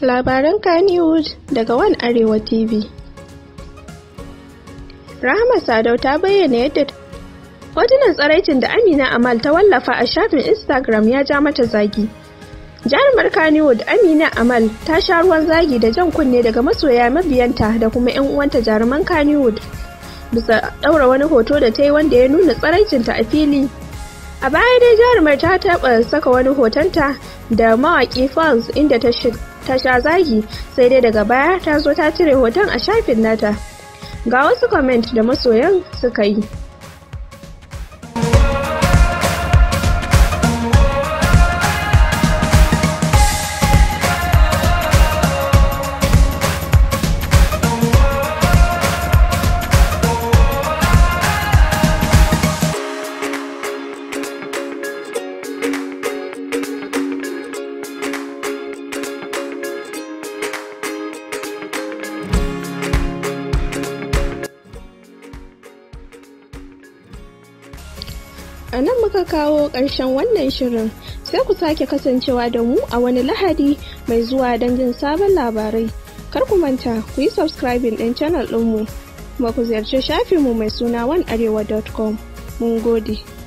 Labaran Kannywood daga wani Arewa TV. Rahama Sadau ta bayyana yadda hotunan tsaraicin da Amina Amal ta wallafa a shafin Instagram ya ja mata zagi. Jarumar Kannywood Amina Amal ta sha ruwan zagi da jan kunne daga masoya mabiyanta da kuma 'yan uwanta jaruman Kannywood. Bisa ɗaura wani hoto da ta yi wanda ya nuna tsaraicinta a fili A baya dai jarumar ta taɓa saka wani hotonta da mawaƙi Falls inda ta sha zagi sai dai daga baya ta zo ta cire hoton a shafin nata. Ga wasu comment da masoyan suka yi. A nan muka kawo ƙarshen wannan shirin sai ku sake kasancewa da mu a wani lahadi mai zuwa don jin sabon labarai. Kar ku manta ku yi subscribing ɗin channel ɗinmu kuma ku ziyarci shafinmu mai suna onearewa.com. Mun gode.